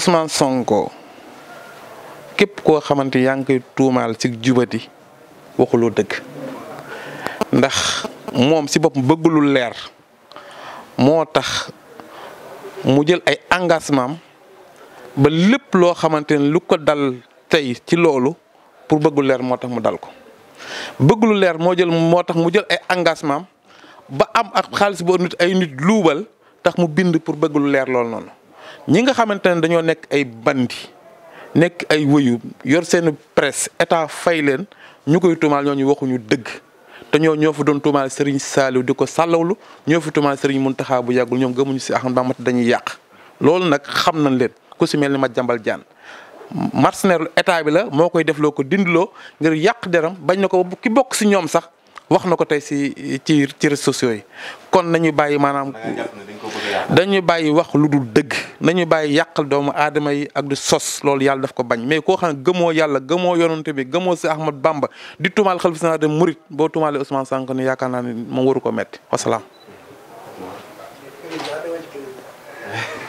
Ousmane Sonko képp koo xamante yaa ngi koy tuumaal ci jubati waxuloo dëgg ndax moom si bopp bëggulul leer moo tax mu jël ay engagement ba lépp loo xamante ne lu ko dal tey ci loolu pour bëggul leer moo tax mu dal ko bëgglu leer moo jël moo tax mu jël ay engagement ba am ak xaalis boo nit ay nit luubal tax mu bind pour bëgglu leer loolu noonu ñi nga xamante ne dañoo nekk ay bandi nekk ay wëyu yor seen presse état fay leen ñu koy tuumaal ñooñu waxuñu dëgg te ñoo ñoo doon tuumaal Serigne Saliou di ko sàllawlu ñoo fi tuumaal mun Mountakha bu yàggul ñoom gëmuñu si Ahmad Bamba dañu yàq loolu nag xam nañ leen ku si mel ni Madiambal Diagne mercenaire état bi la moo koy def loo ko dindiloo ngir yàq deram bañ na ko ki bokk si ñoom sax wax na ko tey si ci ci réseaux sociaux yi kon nañu bàyyi maanaam dañu bàyyi wax lu dëgg nañu bàyyi yàq doomu aadama yi ak di sos loolu yàlla def ko bañ mais koo xam ne gëmoo yàlla gëmoo yonante bi gëmoo si Ahmad Bamba di tuumaal xalifa général des mourides boo tuumaalee Ousmane Sonko ne yaakaar naa ne moom waru ko metti wasalaam